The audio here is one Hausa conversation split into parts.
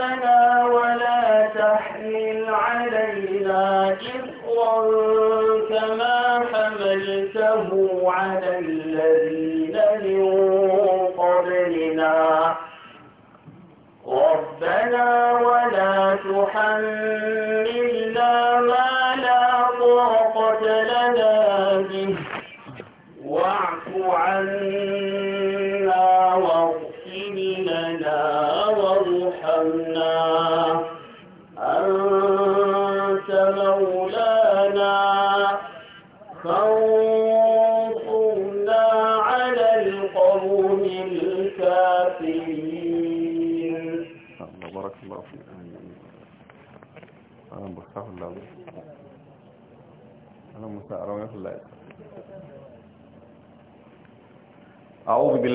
ربنا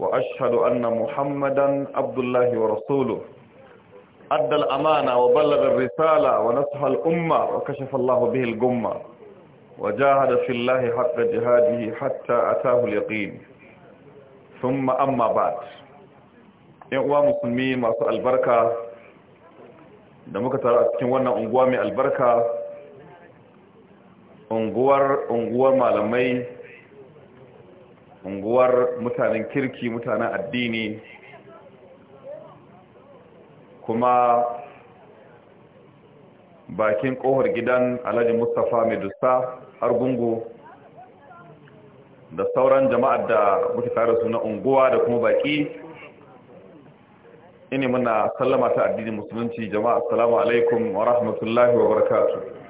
وأشهد أن محمدا عبد الله ورسوله أدى الأمانة وبلغ الرسالة ونصح الأمة وكشف الله به الجمة وجاهد في الله حق جهاده حتى أتاه اليقين ثم أما بعد ‘yan'uwa musulmi masu albarka da muka tara a cikin wannan unguwa mai albarka unguwar unguwar malamai unguwar mutanen kirki mutanen addini kuma bakin kohar gidan alhaji mustapha mai argungu da sauran jama'ar da muke tare su na unguwa da kuma baki ini muna sallama ta addinin musulunci jama'a assalamu alaikum wa rahmatullahi wa barakatuh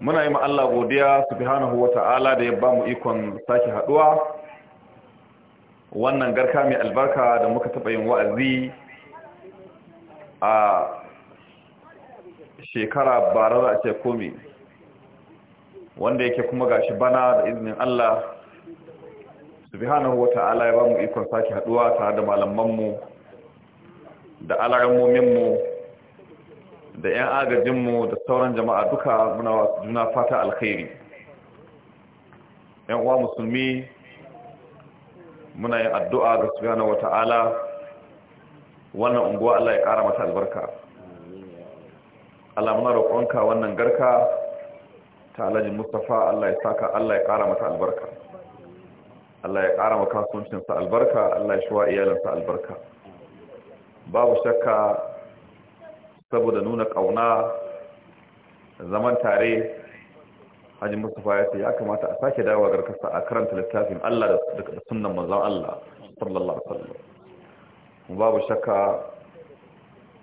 muna yi Allah godiya subhanahu ta'ala da ya ba mu ikon sake haduwa wannan garka mai albarka da muka taɓa yin wa'azi a shekara bara za a ce komi wanda yake kuma ga shi bana da izinin Allah subhanahu ta'ala ya ba mu ikon sake haduwa tare da mu da mu. da 'yan agajinmu da sauran jama'a duka muna juna fata alkhairi ‘yan uwa musulmi muna yin addu'a ga suyana wata'ala wannan unguwa Allah ya ƙara mata albarka Allah muna roƙonka wannan garka ta alajin mustapha Allah ya saka Allah ya ƙara mata albarka Allah ya ƙara makasuwancinsa albarka Allah ya shuwa iyalinsa albarka babu shakka saboda nuna ƙauna zaman tare hajji mustapha ya ce ya kamata a sake dawa garkasa a karanta littafin allah da sunan manzan allah sallallahu alaihi babu shakka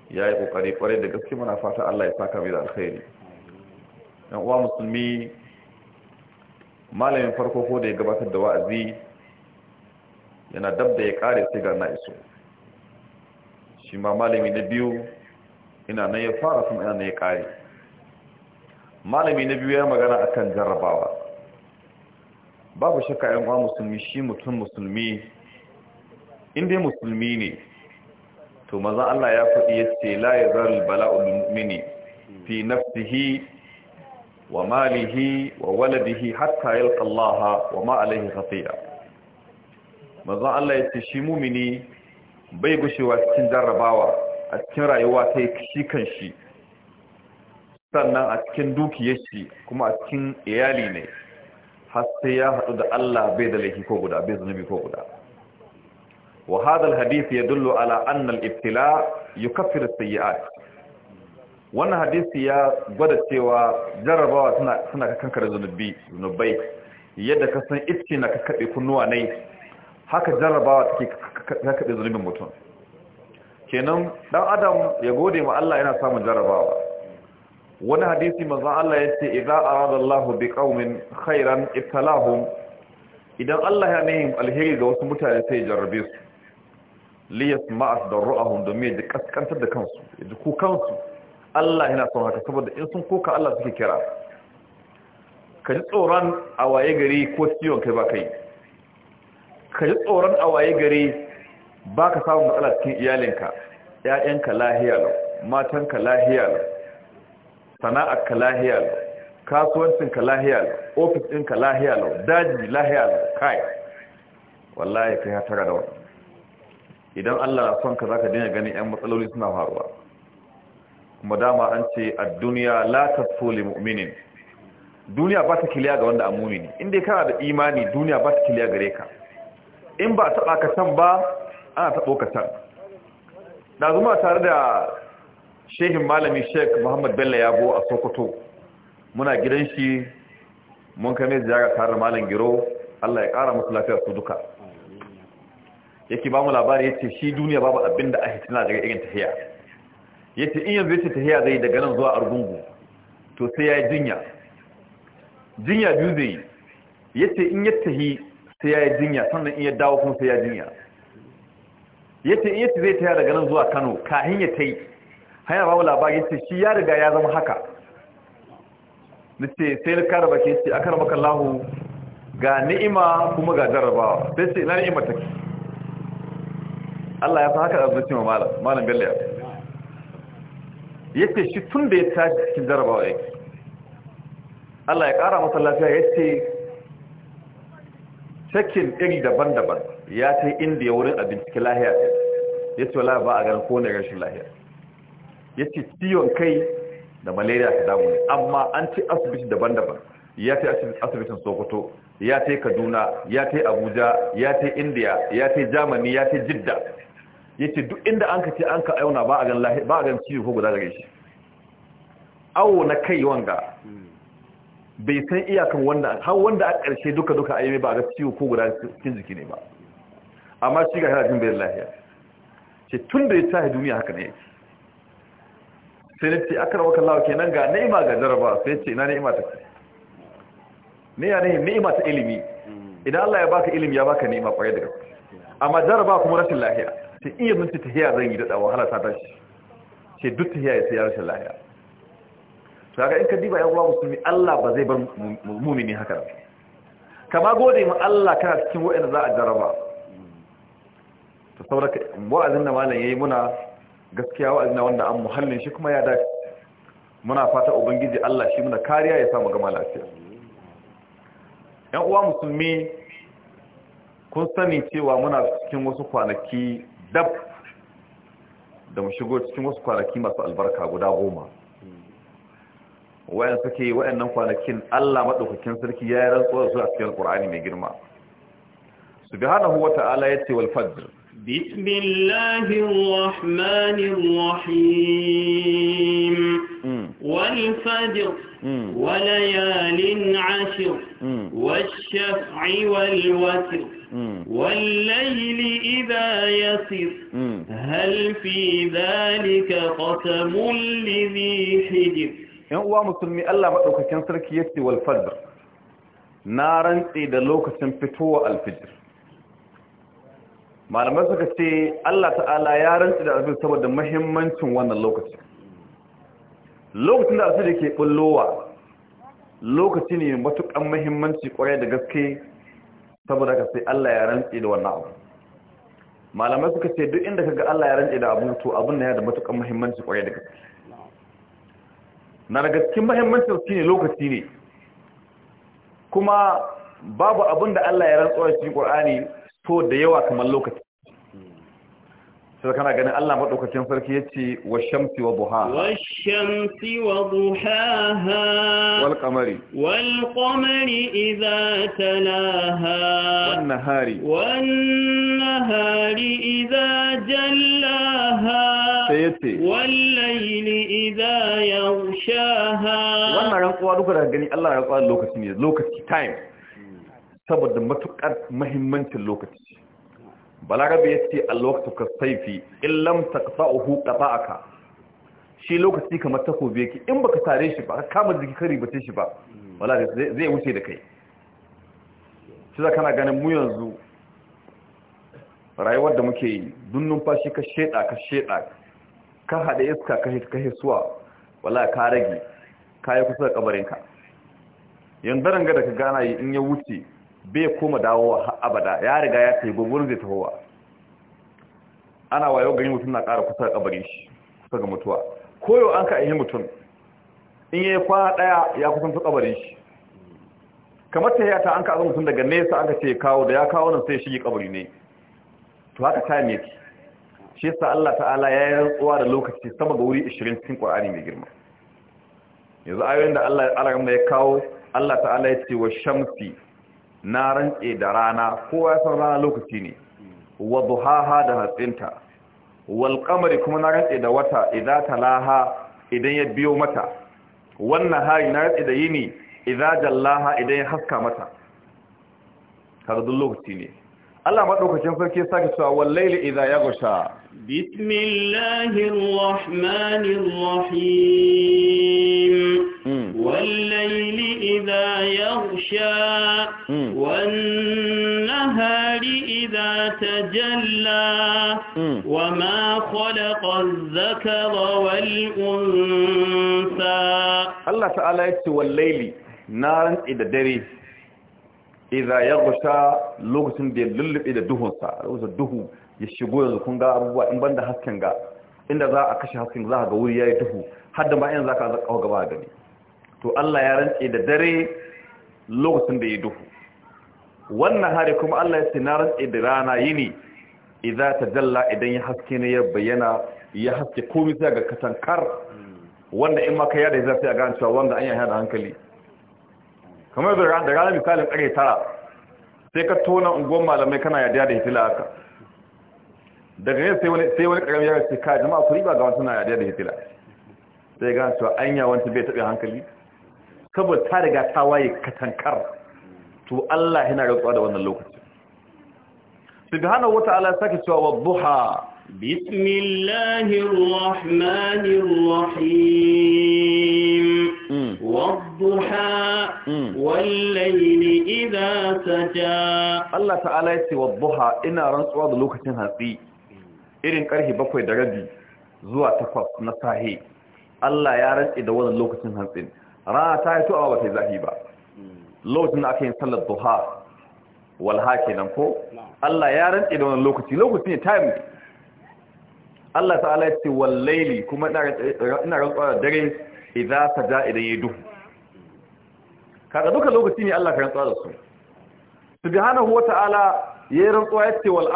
ya yi ƙoƙari ƙwarai da gaske muna fata allah ya saka mai da alkhairi yan uwa musulmi malamin farko ko da ya gabatar da wa'azi yana dab da ya kare sai ga na iso shi ma malami na biyu ina nan ya fara sun ina nan ya kare malami na biyu ya magana akan jarrabawa babu shakka yan uwa musulmi shi mutum musulmi inda musulmi ne to maza Allah ya faɗi ya ce la ya zarar bala'ul mini fi nafsihi wa malihi wa waladihi hatta yalqa Allah wa ma alaihi khati'a maza Allah ya ce shi mu'mini bai gushewa cikin jarrabawa a cikin rayuwa ta yi shi kan shi sannan a cikin dukiyar shi kuma a cikin iyali ne har sai ya haɗu da Allah bai da laifi ko guda bai zunubi ko guda wa hadal ya dullo ala annal ibtila yukaffiru as wannan hadisi ya gwada cewa jarrabawa suna ka kankare zunubi zunubai yadda ka san ice na kakkaɓe kunnuwa ne haka jarrabawa take kakkaɓe zunubin mutum kenan dan adam ya gode ma Allah yana samun jarabawa wani hadisi manzon Allah ya ce idza arada Allahu biqaumin khairan ibtalahum idan Allah ya nemi alheri ga wasu mutane sai jarrabe su li yasma'a darruhum domin ya kaskantar da kansu ya ji kukansu Allah yana son haka saboda in sun koka Allah suke kira ka ji tsoron a waye gari ko ciwon kai ba kai ka ji tsoron a waye gari ba ka samun matsala cikin iyalinka ‘ya'yanka lahiyar matanka lahiyar sana'arka lahiyar kasuwancinka lahiyar ofis ɗinka lahiyar daji lahiyar kai wallahi kai hatara da wani idan allah na son ka za ka dina ganin ‘yan matsaloli suna faruwa kuma dama an ce a duniya la ta mu'minin duniya ba ta kiliya ga wanda a mumini inda kana da imani duniya ba ta kiliya gare ka in ba taba ka can ba ana taɓo ɗaukatan na zuma tare da shehin malami sheik muhammad bello yabo a sokoto muna gidan shi mun kame ziyara tare da malam giro allah ya ƙara musu lafiya su duka yake ba mu labari ya ce shi duniya babu abin da ake tana daga irin tahiya ya ce in yanzu ya ce tahiya zai daga nan zuwa argungu to sai ya yi jinya jinya biyu zai yi ya ce in ya tahi sai ya yi jinya sannan in ya dawo kuma sai ya jinya yace in yace zai taya daga nan zuwa Kano kahin ya tai haya babu labari yace shi ya riga ya zama haka nace sai na ke shi yace akramaka Allah ga ni'ima kuma ga jarabawa sai sai ina ni'ima take Allah ya fa haka azuci ma malam malam billahi yace shi tun da ya tashi cikin jarabawa yake Allah ya kara masa lafiya yace sakin iri daban-daban ya ta inda ya wurin abinci lahiya ta ya ce wala ba a ganin ko na rashin lahiya ya ce ciwon kai da malaria ta damu ne amma an ce asibiti daban-daban ya ce asibitin sokoto ya ce kaduna ya ce abuja ya ce india ya ce germany ya ce jidda ya ce duk inda an ka ce an ka auna ba a gan ciwo ko guda gare shi awo na kai wanga bai san iyakan wanda har wanda a ƙarshe duka-duka a yi ba ga ciwo ko guda cikin jiki ne ba amma shi ga harajin bayan lahiya ce tun da ya tahi duniya haka ne yake sai na ce aka rawakan lawa kenan ga ni'ima ga jaraba sai ce na ni'ima ta ce ne ya ni'im ni'ima ta ilimi hmm. idan Allah ya baka ilimi ya baka ni'ima kwaye daga amma jaraba kuma rashin lahiya sai iya minti tahiya zan yi da wahala ta tashi ce duk tahiya ya sai ya rashin lahiya to haka in ka diba yan uwa musulmi Allah ba zai bar mumini haka kama gode mu Allah kana cikin wa'anda za a jaraba ta sauraka wa'azin da malam yi muna gaskiya wa'azin wanda an muhallin shi kuma ya dace muna fata ubangiji Allah shi muna kariya ya samu gama lafiya yan uwa musulmi kun sani cewa muna cikin wasu kwanaki dab da mu shigo cikin wasu kwanaki masu albarka guda goma wayan suke wayannan kwanakin Allah madaukakin sarki ya yi su a cikin Qur'ani mai girma subhanahu wata'ala yace wal fajr بسم الله الرحمن الرحيم والفجر وليال عشر والشفع والوتر والليل إذا يسر هل في ذلك قسم لذي حجر يقول الله مسلمي ألا ما تقول كنسرك يكتي والفجر نارا إذا لو كسم فتوى الفجر malamai suka ce Allah ta'ala ya rantsi da abin saboda mahimmancin wannan lokacin lokacin da alfil ke bullowa lokaci ne matukan mahimmanci kwarai da gaske saboda ka sai Allah ya rantsi da wannan abu malamai suka ce duk inda kaga Allah ya rantsi da abu to abun ne ya da matukan mahimmanci kwarai da gaske na daga cikin mahimmancin ne lokaci ne kuma babu abin da Allah ya rantsu a cikin Qur'ani to da yawa kamar lokaci hmm. sai kana ganin Allah madaukakin sarki yace wa shamsi wa duhaha wa shamsi wa duhaha wal qamari wal qamari idza talaha wan nahari wan nahari idza jallaha sayati wal layli idza yaghshaha wannan ran duka daga gani Allah ya kwa lokaci ne lokaci time saboda matukar mahimmancin lokaci balarabe ya ce alwaktu ka saifi illam taqsa'uhu ka. shi lokaci kamar takobi yake in baka tare shi ba ka kama jiki kari bace shi ba balarabe zai wuce da kai shi za kana ganin mu yanzu rayuwar da muke yi dun numfashi ka sheɗa ka sheɗa, ka haɗe iska ka hit ka hisuwa ka rage ka yi kusa da kabarinka yanzu ranga da ka gana yi in ya wuce bai koma dawowa abada ya riga ya ce gugurin zai tahowa ana wayo gani mutum na ƙara kusa kabarin shi kusa ga mutuwa koyo an ka ihin mutum in yi kwana ɗaya ya kusan su kabarin shi kamar ta yata an ka mutum daga nesa an ka ce kawo da ya kawo nan sai shige kabari ne to haka ta ne shi sa Allah ta'ala ya yi rantsuwa da lokaci sama ga wuri 20 cikin ƙwa'ani mai girma yanzu ayoyin da Allah ya kawo Allah ta'ala ya ce wa shamsi na rantse da rana kowa ya san rana lokaci ne wa duhaha da hatsinta wal qamari kuma na rantse da wata idza talaha idan ya biyo mata wannan hari na rantse da yini idza jallaha idan ya haska mata kaga duk lokaci ne Allah madaukakin sarki ya sake cewa wal layli idza yaghsha bismillahir rahmanir rahim والليل إذا يغشى والنهار إذا تجلى وما خلق الذكر والأنثى الله تعالى يتي والليل نارا إذا دري إذا يغشى لغة دي للب إذا دهو سا لغة دهو يشيغو يزكون غا إن بند حسكن غا إن ذا أكشي حسكن ذا غوري يا دهو حد ما إن ذاك أغبا غني to Allah ya rantse da dare lokacin da ya duhu wannan hari kuma Allah ya ce rantse da rana yini idza tajalla idan ya haske ne ya bayyana ya haske komai sai ga katankar wanda in maka yada zai sai ga cewa wanda an yi da hankali kamar da ran misalin kare tara sai ka tona unguwar malamai kana yada da hitila haka daga yau sai wani sai wani karamin yaro sai ka jama'a ku riba ga wani suna yada da hitila sai ga cewa anya wani bai tabe hankali saboda ta riga ta waye katankar to Allah yana rantsuwa da wannan lokacin subhanahu wata'ala sake cewa wadduha bismillahir rahmanir rahim hmm. wadduha hmm. wal layli idha saja Allah ta'ala ya yace wadduha ina rantsuwa da lokacin hatsi irin karfe bakwai da rabi zuwa takwas na sahi Allah ya rantsi da wannan lokacin hatsin. rana ta yi tuwa ba ta yi zafi ba lokacin da aka yi sallar duha walha kenan ko Allah ya rantse da wani lokaci lokaci ne time Allah ta ya ce wallaili kuma ina rantsuwa da dare idan ta ja idan ya duhu kaga duka lokaci ne Allah ka rantsuwa da su subhanahu ala ya yi rantsuwa ya ce wal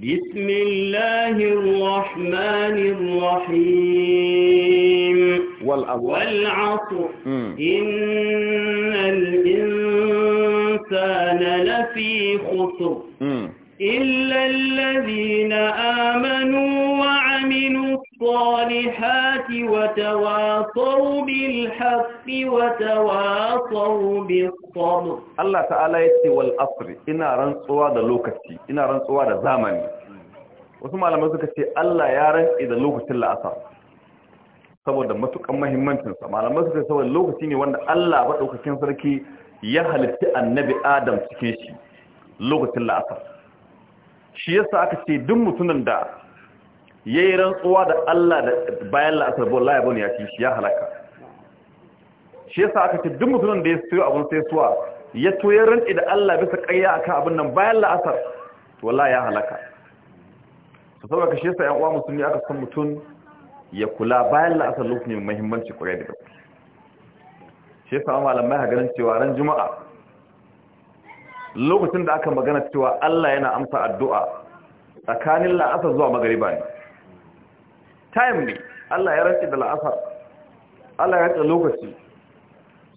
بسم الله الرحمن الرحيم والعصر, والعصر إن الإنسان لفي خسر إلا الذين آمنوا وعملوا الصالحات وتواصوا بالحق وتواصوا بالصبر Allah ta'ala ya ce wal asri ina rantsuwa da lokaci ina rantsuwa da zamani wasu malamai suka ce Allah ya rantsi da lokacin la'asar saboda matukan muhimmancinsa malamai suka ce saboda lokaci ne wanda Allah ba ɗaukakin sarki ya halitta annabi Adam cikin shi lokacin la'asar shi yasa aka ce duk mutumin da yayi rantsuwa da Allah da bayan la'asar ya bani ya ci shi ya halaka shi yasa aka ce duk mutumin da ya siyo abun sai suwa ya toye rantsi da Allah bisa ƙarya akan abin nan bayan la'asar to wallahi ya halaka to saboda ka shi yasa ƴan uwa musulmi aka san mutum ya kula bayan la'asar lokacin mai muhimmanci ƙwarai da gaske shi yasa malamai ha ganin cewa ran juma'a lokacin da aka magana cewa Allah yana amsa addu'a tsakanin la'asar zuwa magariba ne time ne Allah ya rantsi da la'asar Allah ya ce lokaci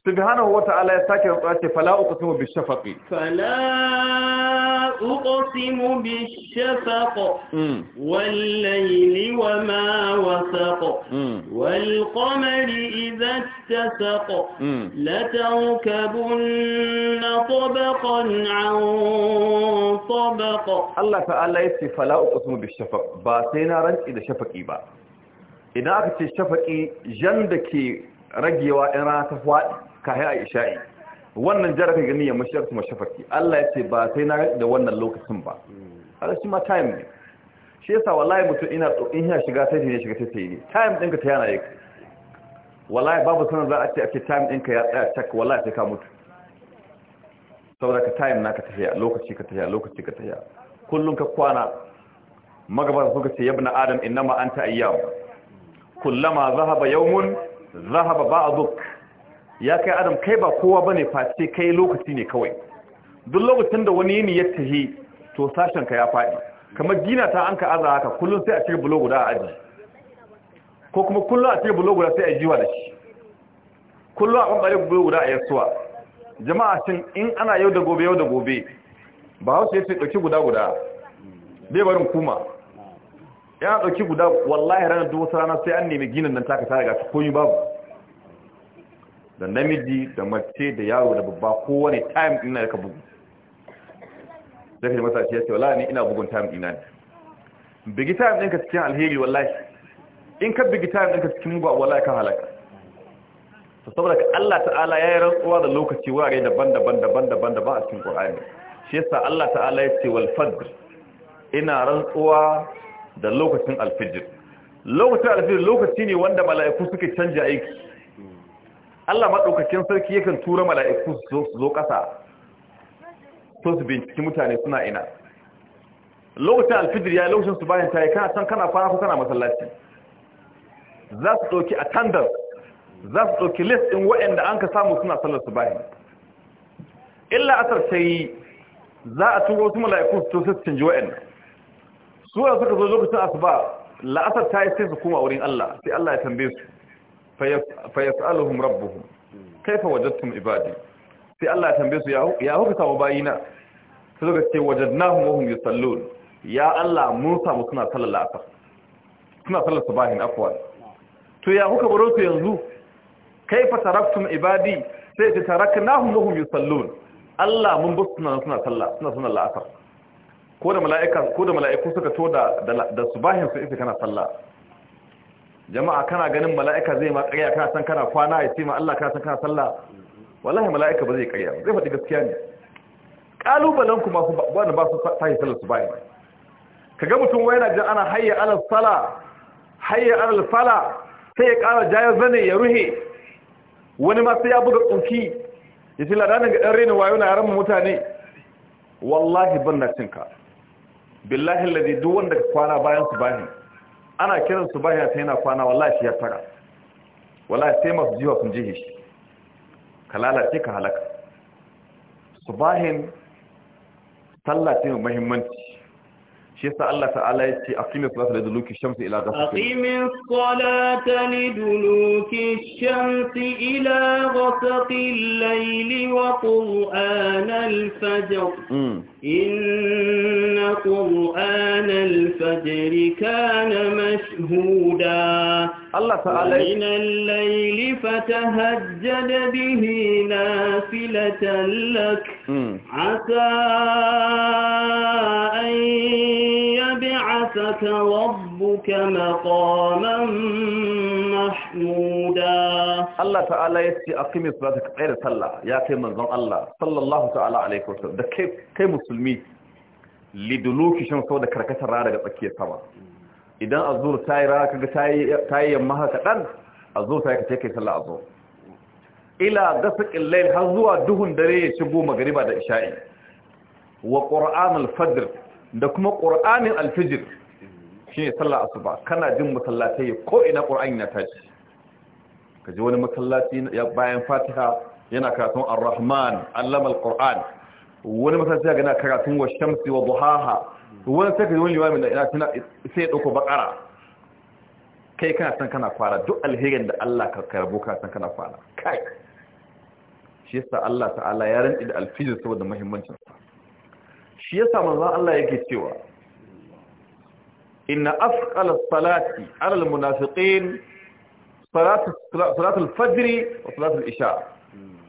subhanahu wa ta'ala ya sake rantsuwa ce fala uqsimu bi shafaqi fala uqsimu bi shafaq wal layli wa ma wasaq wal qamari idha ittasaq la tarkabunna tabaqan an tabaq Allah ta'ala ya ce fala uqsimu bi shafaq ba sai na rantsi da shafaqi ba idan aka ce shafaqi jan da ke ragewa in rana ta faɗi Ka a isha'i wannan jara gani ya mashafarci mashafarci Allah ya ce ba sai na da wannan lokacin ba a shi ma time ne shi yasa wallahi mutum ina in ya shiga sai ne shiga sai ne time ɗinka ta yana yake wallahi babu sanar za a ce ake time ɗinka ya tsaya cak wallahi sai ka mutu saboda ka time naka tafiya lokaci ka tafiya lokaci ka tafiya Kullum ka kwana magabata suka ce yabna adam innama anta ayyam kullama zahaba yawmun zahaba ba'duk ya kai adam kai ba kowa bane face kai lokaci ne kawai duk lokacin da wani yini ya tahi to sashen ka ya faɗi kamar gina ta an ka aza haka kullum sai a cire bulo guda a aji ko kuma kullum a cire bulo guda sai a jiwa da shi kullum a bambare bulo guda a yasuwa jama'a shin in ana yau da gobe yau da gobe ba hausa ya ce ɗauki guda guda bai barin kuma yana ɗauki guda wallahi ranar duk wasu sai an nemi ginin nan taka ta daga ta koyi babu da namiji da mace da yaro da babba kowane time ina da ka bugu sai ka ji masa ce wala ni ina bugun time ina ne bigi time ɗinka cikin alheri wallahi in ka bigi time ɗinka cikin mugu wallahi ka halaka to saboda ka Allah ta'ala ya yi rantsuwa da lokaci wurare daban-daban daban-daban daban a cikin Qur'ani shi yasa Allah ta'ala ya ce wal fajr ina rantsuwa da lokacin alfijir lokacin alfijir lokaci ne wanda mala'iku suke canja aiki Allah maɗaukakin sarki yakan tura mala'iku su zo ƙasa to su binciki mutane suna ina lokacin alfijir ya lokacin su bayan tayi kana can kana fara kana masallaci za su ɗauki attendance za su ɗauki list ɗin waɗanda an ka samu suna sallar su bayan illa a ta yi za a turo su mala'iku su to su canji waɗanda su suka zo lokacin asuba la'asar ta yi sai su koma wurin Allah sai Allah ya tambaye su fayasaluhum rabbuhum kaifa wajadtum ibadi sai Allah ya tambaye su ya huka samu bayina sai suka ce wajadnahum wa hum yusallun ya Allah mun samu suna sallar la'asar suna sallar subahin afwan to ya huka baro su yanzu kaifa taraktum ibadi sai ta taraknahum wa hum yusallun Allah mun bar suna suna sallah suna suna la'asar ko da mala'ika ko da mala'iku suka to da da subahin su ita kana sallah jama'a kana ganin mala'ika zai ma ƙarya kana san kana kwana ya ce ma Allah ka san kana sallah wallahi mala'ika ba zai ƙarya zai faɗi gaskiya ne kalubalen kuma su wanda ba su tashi sallar su bayan kaga mutum wai yana jin ana hayya alal sala hayya alal sala sai ya ƙara jayar zane ya ruhe wani ma sai ya buga tsunki ya ce ladanin ga ɗan rena wayo na yaran mutane wallahi ban na cinka billahi ladi duk wanda kwana bayan su bani. ana kiran su baya sai yana kwana wallahi shi ya fara wallahi sai masu jiwa sun jihe shi ka lalace ka halaka subahin sallah ce mai muhimmanci شيخ الله تعالى يتي أقيم الصلاة لدلوك الشمس إلى غسق أقيم الصلاة لدلوك الشمس إلى غسق الليل وقرآن الفجر إن قرآن الفجر كان مشهودا الله تعالى من الليل فتهجد به نافلة لك عسى أن وَبَعَثَكَ رَبُّكَ مَقَامًا مَحْمُودًا Allah ta'ala ya ce aqimi salata ka tsaya sallah ya kai manzon Allah sallallahu ta'ala alaihi wasallam da kai kai musulmi liduluki shan sau da karkatar rana daga tsakiyar sama idan azur tayi rana yamma haka dan azur tayi ka kai sallah azur ila gasqil layl har zuwa duhun dare ya shigo magriba da isha'i wa qur'an da kuma ƙur'anin alfijir shine sallar asuba kana jin masallatai ko ina qur'ani na tashi kaje wani masallaci bayan fatiha yana karatun ar-rahman allama al-qur'an wani masallaci yana karatun wa shamsi wa duhaha wani sai kaje wani limamin da ina sai ya dauko bakara kai kana san kana fara duk alherin da Allah ka karbo ka san kana fara. kai shi yasa Allah ta'ala ya rantsi da alfijir saboda muhimmancin sa shi yasa manzo Allah yake cewa إن أثقل الصلاة على المنافقين صلاة, isha. الفجر وصلاة الإشاء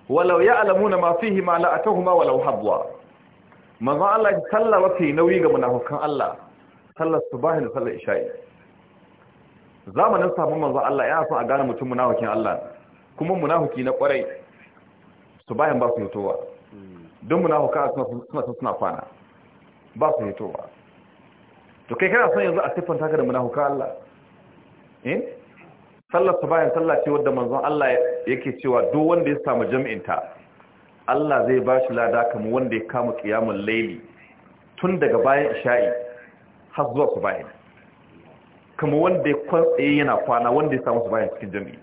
ولو يعلمون ما فيهما لأتوهما ولو حظوا manzon Allah ya salla mafi nauyi ga munafukan Allah sallar subahi da sallar isha'i zamanin sabon manzon Allah ya san a gane mutum munafukin Allah kuma munafuki na kwarai subahin ba su hitowa don munafuka suna suna suna kwana ba su hitowa to kai kana son yanzu a siffanta ka da munafuka Allah eh sallar ta bayan sallah ce wanda manzon Allah yake cewa duk wanda ya samu jami'in ta Allah zai ba shi lada kamar wanda ya kama qiyamul layli tun daga bayan isha'i har zuwa subahin kamar wanda ya kwantsaye yana kwana wanda ya samu subahin cikin jami'i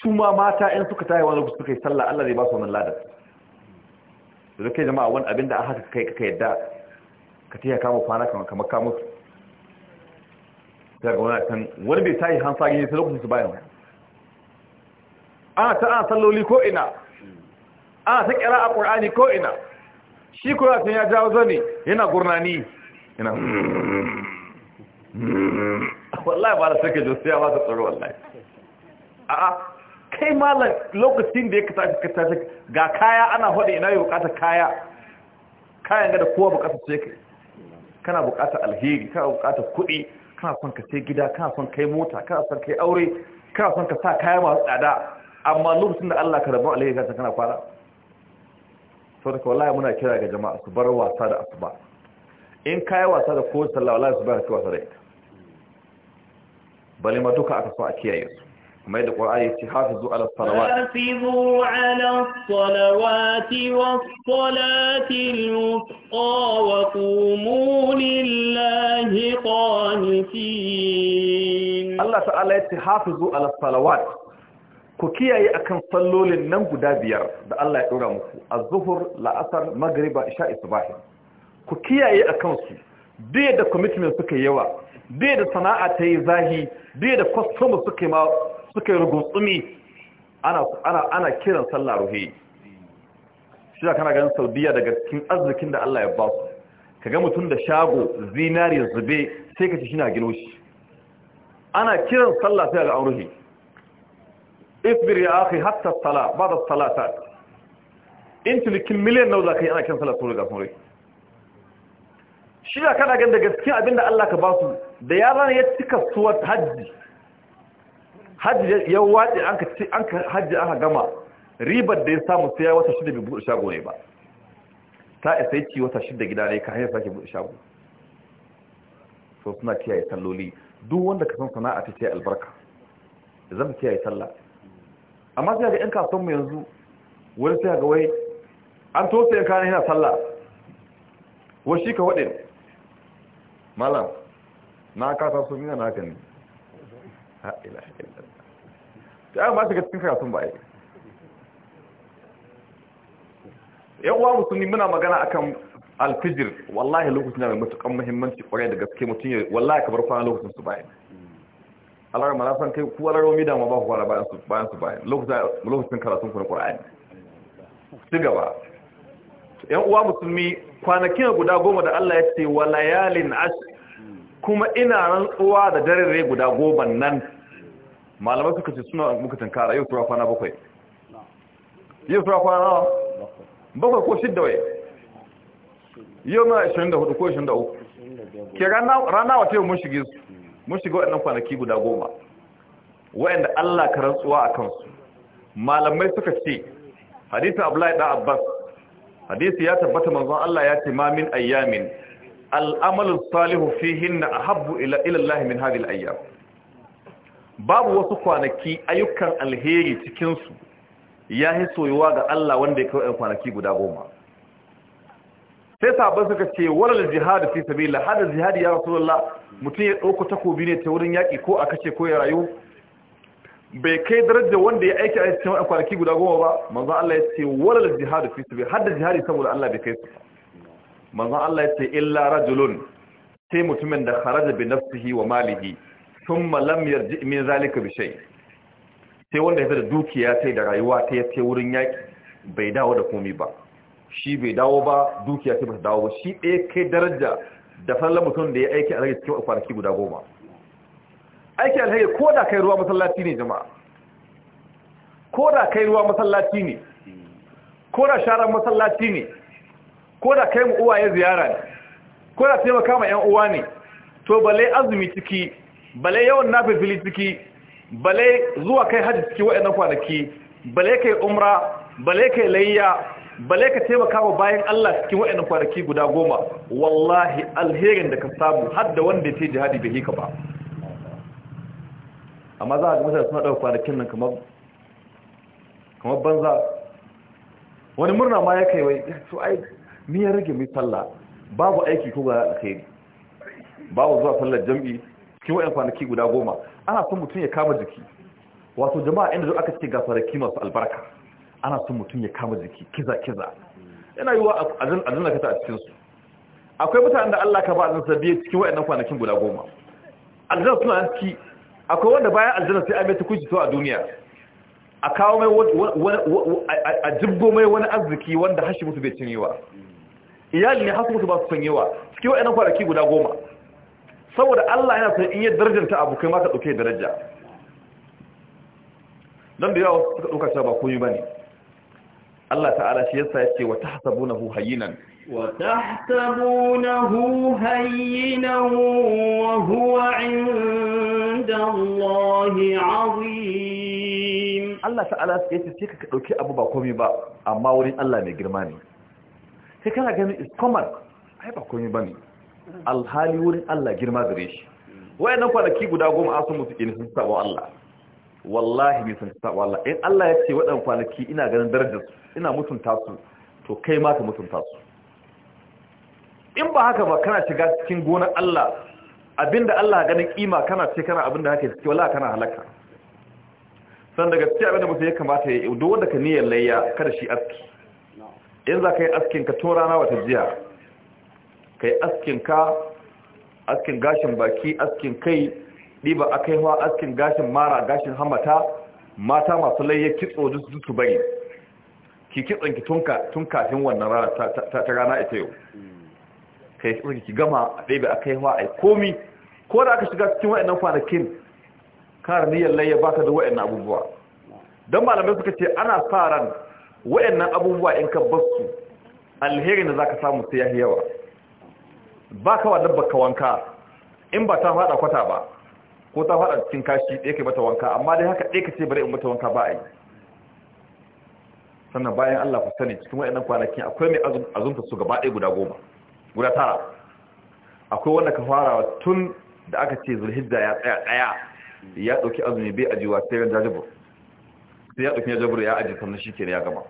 su ma mata in suka tayi wani lokaci suka yi sallah Allah zai ba su wannan ladan da kai jama'a wani abin da aka kai ka yadda ka tiya kama kwana kamar ka mutu daga wani kan wani bai tayi hansa gini ta lokacin su bayan wani ana ta ana salloli ko ina ana ta kira a ƙur'ani ko ina shi kuna tun ya jawo zane yana gurnani yana wallahi ba da suke josiya ba su tsoro wallahi a'a kai malam lokacin da ya ka tashi ga kaya ana hudu ina yi bukatar kaya kayan ga da kowa bukatar ce kai kana bukatar alheri kana bukatar kuɗi kana son ka sai gida kana son kai mota kana son kai aure kana son ka sa kaya masu tsada amma lokacin da Allah ka rabu alheri ka kana fara to da ka wallahi muna kira ga jama'a su bar wasa da asuba in kayi wasa da kowace sallah wallahi su bar wasa da ita bale ma duka aka so a kiyaye su kuma yadda ƙwararri ya ce hafizu ala salawati hafizu ala salawati wa salatil mutsa wa kumu lillahi Allah ta'ala ya ce hafizu ala salawat ku kiyaye kan sallolin nan guda biyar da Allah ya dora muku a zuhur la'asar magriba isha isbah ku kiyaye akan su duk da commitment suka yawa duk da sana'a ta yi zahi duk da customer suka yi ma suka yi rugutsumi ana kiran sallah ruhe shi da kana ganin saudiya daga cikin arzikin da Allah ya ba su ka ga mutum da shago zinari zube sai ka ci shi na gino shi ana kiran sallah sai ga an ruhe isbir ya akhi hatta salat ba da salata in cinikin miliyan na za ka yi ana kiran sallah sun riga sun ruhe shi da kana ganin daga cikin abin da Allah ka ba su da yaran ya cika suwar hajji hajji ya wace an ka ci an ka hajji aka gama ribar da ya samu sai ya wata shida bai buɗe shago ne ba ta isa yi ci wata shida gida ne ka hanyar sake buɗe shago so suna kiyaye salloli duk wanda ka san sana'a ta ce albarka zan kiyaye sallah amma sai ga yan kasuwan mu yanzu wani sai ga wai an tosa yanka kayan yana sallah wa shi ka waɗin malam na kasa sun yana naka ne ba yan uwa musulmi muna magana akan alfijir wallahi lokacin na mai matukan muhimmanci kwarai da gaske mutum ya wallahi kabar kwanan lokacin su bayan alara mana kai kuwa laromi da ma ba ku bayan su bayan su bayan lokacin karatun kuna kwarai ne su gaba yan uwa musulmi kwanakin guda goma da Allah ya ce wa layalin ashr kuma ina rantsuwa da dare guda goban nan malamai suka ce suna muka tankara yau tura kwana bakwai yau tura kwana bakwai ko shidda wai yau na 24 ko 23 ke rana wata yau mun shige shiga waɗannan kwanaki guda goma waɗanda Allah ka rantsuwa a kansu malamai suka ce hadisa abu da Abbas hadisa ya tabbata manzon Allah ya ce mamin ayyamin al'amalin salihu fihin a habbu ilallahi min hadil babu wasu kwanaki ayyukan alheri cikinsu ya yi soyuwa ga Allah wanda ya kawai kwanaki guda goma sai sabon suka ce walar jihadi fi sabila hada jihadi ya rasulullah mutum ya ɗauko takobi ne ta wurin yaƙi ko a kashe ko ya rayu bai kai darajar wanda ya aiki a cikin kwanaki guda goma ba manzon Allah ya ce walar jihadi fi sabila hadda jihadi saboda Allah bai kai su manzon Allah ya ce illa rajulun sai mutumin da kharaja bi nafsihi wa malihi thumma lam yarji min zalika bi shay sai wanda ya da dukiya sai da rayuwa ta yace wurin yaki bai dawo da komai ba shi bai dawo ba dukiya sai ba dawo ba shi ɗaya kai daraja da fallan mutum da ya aiki alhaji cikin kwanaki guda goma aiki alhaji ko da kai ruwa masallaci ne jama'a ko da kai ruwa masallaci ne ko da sharar masallaci ne ko da kai mu uwaye ziyara ne ko da sai makama 'yan uwa ne to balai azumi ciki balai yawan fili ciki balai zuwa kai hajji ciki waɗannan kwanaki balai kai umra balai kai layya balai ka taimaka wa bayan Allah cikin waɗannan kwanaki guda goma wallahi alherin da ka samu har da wanda ya ce jihadi bai hika ba amma za a ga mutane suna ɗauka kwanakin nan kamar kamar banza wani murna ma ya kai wai to ai ni ya rage mai sallah babu aiki ko ga alkhairi babu zuwa sallar jam'i cikin wayan kwanaki guda goma ana son mutum ya kama jiki wato jama'a inda duk aka ce ga faraki masu albarka ana son mutum ya kama jiki kiza kiza yana yiwa aljanna kata a cikinsu. akwai mutanen da Allah ka ba azan sabiye cikin wayannan kwanakin guda goma aljanna suna ciki akwai wanda bayan aljanna sai an mai tukunci to a duniya a kawo mai wani a jibbo mai wani arziki wanda hashi mutu bai cinyewa iyali ne hasu mutu ba su son yawa suke wa'annan kwanaki guda goma saboda Allah yana son in yi abu kai ma ka ɗauke daraja don da yawa suka ɗauka cewa ba koyi ba ne Allah ta'ala shi yasa ce, wa ta na tahsabunahu nan?" wa ta tahsabunahu hayyinan wa huwa 'inda Allahi 'azim Allah ta'ala yace sai ka dauki abu ba komai ba amma wurin Allah mai girma ne sai kana ganin iskomar ai ba komai ba ne alhali wurin Allah girma gare shi wayannan kwanaki guda goma a sun mutu ne sun sabo Allah wallahi ne sun sabo Allah in Allah ya ce waɗannan kwanaki ina ganin darajar ina mutunta su to kai ma ka mutunta su in ba haka ba kana shiga cikin gonar Allah abinda Allah ganin kima kana ce kana abinda haka ce wallahi kana halaka san daga cikin abinda mutum ya kamata ya yi duk wanda ka niyyar layya kada shi aski in za ka yi askinka tun rana wata jiya ka yi askinka askin gashin baki askin kai ɗiba a kai hawa askin gashin mara gashin hamata mata masu laye kitso duk su bari ki kitson ki tun kafin wannan rana ta rana ita yau ka yi kitson ki gama a ɗiba a kai hawa a yi komi ko da aka shiga cikin wa'annan kwanakin kara niyyar laye baka da wa'annan abubuwa don malamai suka ce ana sa ran nan abubuwa in ka basu alherin da ka samu sai yahi yawa ba kawa dabba ka wanka in ba ta fada kwata ba ko ta fada cikin kashi ɗaya yi mata wanka amma dai haka ɗaya ka ce bari in mata wanka ba a yi sannan bayan Allah ku sani cikin waɗannan kwanaki akwai mai azunta su gaba ɗaya guda goma guda tara akwai wanda ka fara tun da aka ce zulhijja ya tsaya ɗaya ya ɗauki azumi bai ajiyuwa sai ran jajibur sai ya ɗauki ya jabura ya ajiye sannan shi ke ya gama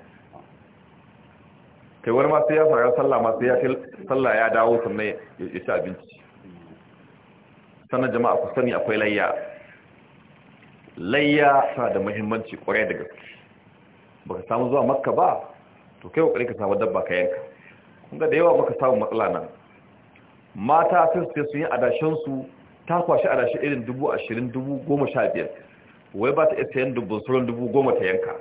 kai wani ma sai ya fara sallah ma sai ya sallah ya dawo sannan ya ci abinci sannan jama'a ku sani akwai layya layya sa da muhimmanci ƙwarai da gaske ka samu zuwa makka ba to kai kokari ka samu dabba ka yanka kun ga da yawa muka samu matsala nan mata sai su yi adashinsu ta kwashi adashi irin dubu ashirin dubu goma sha biyar wai ba ta iya sayan dubban sauran dubu goma ta yanka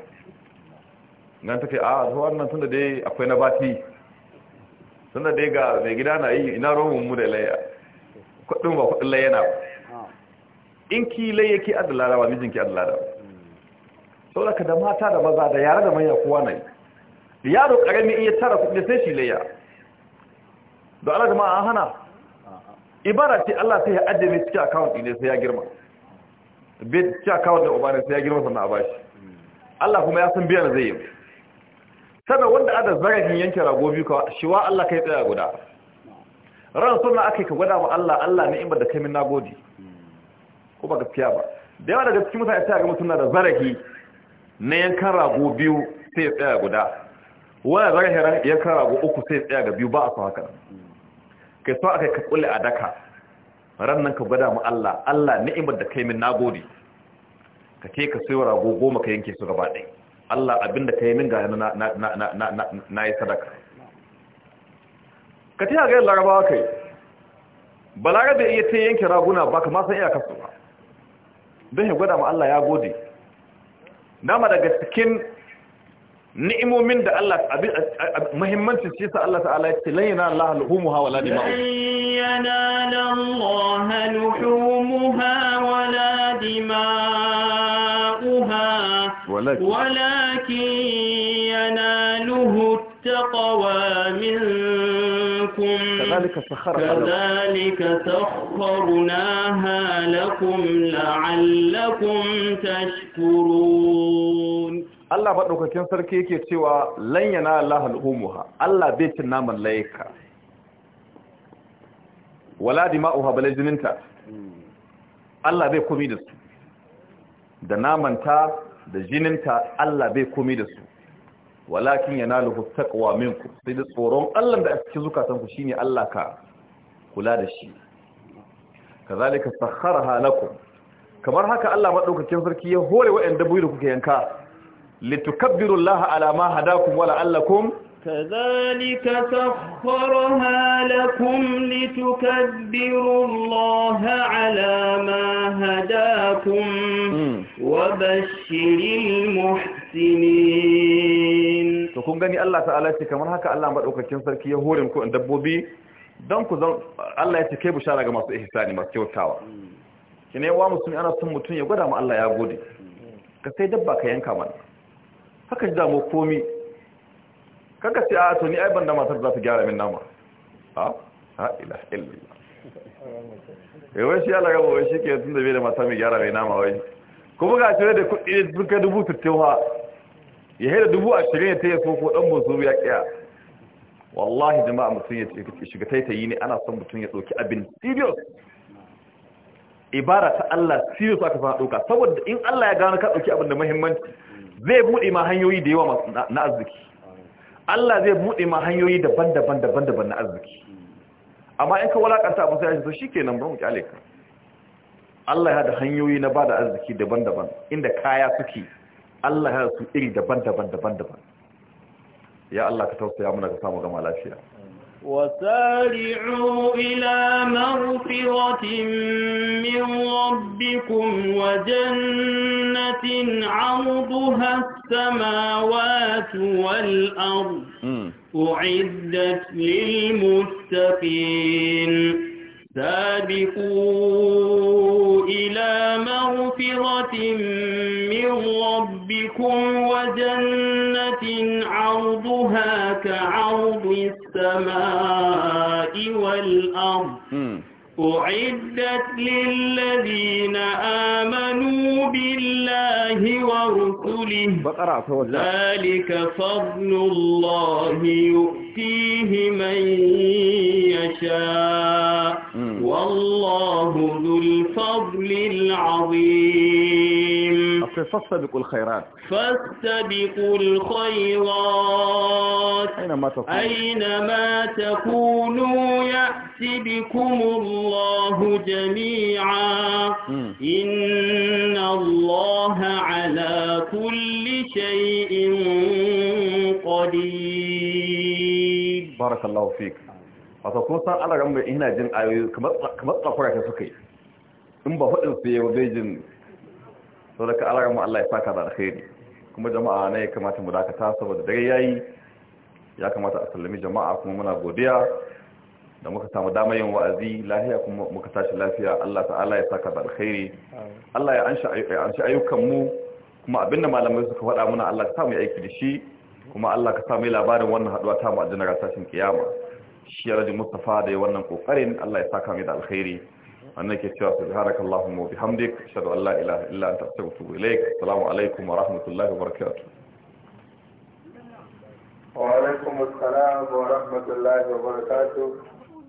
nan ta ce a ah, zuwa nan da dai akwai na bati da dai ga mai gida na yi ina rohun mu da laya kudin ba kudin laya na ba. in ki layya ki adalada ba mijinki adalada sau da ka da mata da maza da yara da manya kowa na yi yaro karami iya tara kudin sai shi laya da ala jama'a an hana ibara ce Allah sai ya ajiye mai cikin akawunti ne sai ya girma bai ci a kawar da ubanin sai ya girma sannan a bashi Allah kuma ya san biyan zai yi sannan wanda ada zarafin yanke rago biyu ka shi wa Allah kai tsaya guda ran sunna akai ka gwada wa Allah Allah ni'imar da kai min nagode ko ba gaskiya ba da yawa daga cikin mutane sai ga mutum na da zarafi na yankan rago biyu sai ya tsaya guda wani zarafin yankan rago uku sai ya tsaya ga biyu ba a so haka kai so akai ka kulle a daka rannan ka gwada mu Allah Allah ni'imar da kai min nagode ka ce ka sai rago goma ka yanke su gaba ɗaya Allah abinda kai min ga na na na na na yi sadaka ka tiya ga larabawa kai balarabe iya ta yanke raguna ba kama ma san iyakarsu ba don ya gwada mu Allah ya gode ma daga cikin ni'imomin da Allah muhimmancin shi sa Allah ta'ala ya ce layyana Allah luhumuha wala dima'uha layyana Allah luhumuha wala dima'uha walakin yanaluhu التقوى منكم كذلك, كذلك سخرناها لكم لعلكم تشكرون Allah maɗaukakin sarki yake cewa lanyana Allah al'umuha Allah bai cin naman layika wala dima'uha balai jininta Allah bai komi da su da namanta da jininta Allah bai komi da su walakin yana lahu taqwa minku sai da tsoron Allah da aski cikin zukatanku shine Allah ka kula da shi Ka kazalika sakharaha lakum kamar haka Allah maɗaukakin sarki ya hore wa wa'anda buyi da kuke yanka litukabbiru Allah ala ma hadakum wa la'allakum كذلك سخرها لكم لتكبروا الله على ما هداكم وبشر المحسنين to kun gani Allah ta'ala ce kamar haka Allah madaukakin sarki ya hore ku dabbobi dan ku zan Allah ya ce kai bushara ga masu ihsani masu kyautawa mm. kine wa musulmi ana son mutun ya gwada mu Allah ya gode ka sai dabba ka yanka mana haka ji damu komi kaka ce a to ni ai ban da matar za ta gyara min nama a ha ila illallah eh wai shi ya gaba wai shi ke tun da bai da mata mai gyara mai nama wai kuma ga tare da kuɗi duka dubu tattawa ya haida dubu ashirin ya taya so ko dan bozo ya kiya wallahi jama'a mutum ya shiga taitayi ne ana son mutum ya dauki abin serious ibara ta Allah serious aka fara dauka saboda in Allah ya gano ka dauki abin da muhimmanci zai buɗe ma hanyoyi da yawa na arziki Allah zai buɗe ma hanyoyi daban-daban daban-daban na arziki amma in ka walakanta abin sai ya to shikenan bari mu kyale ka Allah ya da hanyoyi na bada arziki daban-daban inda kaya suke Allah ya su iri daban-daban daban-daban ya Allah ka tausaya mana ka samu gama lafiya وسارعوا إلى مغفرة من ربكم وجنة عرضها السماوات والأرض أعدت للمتقين سابقوا إلى مغفرة من ربكم وجنة عرضها كعرض السماء والأرض أعدت للذين آمنوا بالله ورسله ذلك فضل الله يؤتيه من يشاء والله ذو الفضل العظيم فاستبقوا الخيرات فاستبقوا الخيرات أينما تكونوا أينما تكونوا يأتي بكم الله جميعا إن الله على كل شيء قدير بارك الله فيك wato kun على ana هنا ina jin ayoyi kamar إن ta suka yi sau da ka alaƙa Allah ya saka da alkhairi kuma jama'a ne ya kamata mu dakata saboda dare yayi ya kamata a sallami jama'a kuma muna godiya da muka samu damar yin wa'azi lafiya kuma muka tashi lafiya Allah ta'ala ya saka da alkhairi Allah ya anshi ayyukan mu kuma abinda malamai suka faɗa muna Allah ka samu aiki da shi kuma Allah ka samu labarin wannan haduwa ta mu a jinar tashin kiyama shi ya rajin Mustafa da wannan kokarin Allah ya saka mai da alkhairi annake cewa subhanakallahumma wa bihamdik ashhadu an la ilaha illa anta astaghfiruka wa atubu ilaik assalamu alaikum wa rahmatullahi wa barakatuh wa alaikum assalam wa rahmatullahi wa barakatuh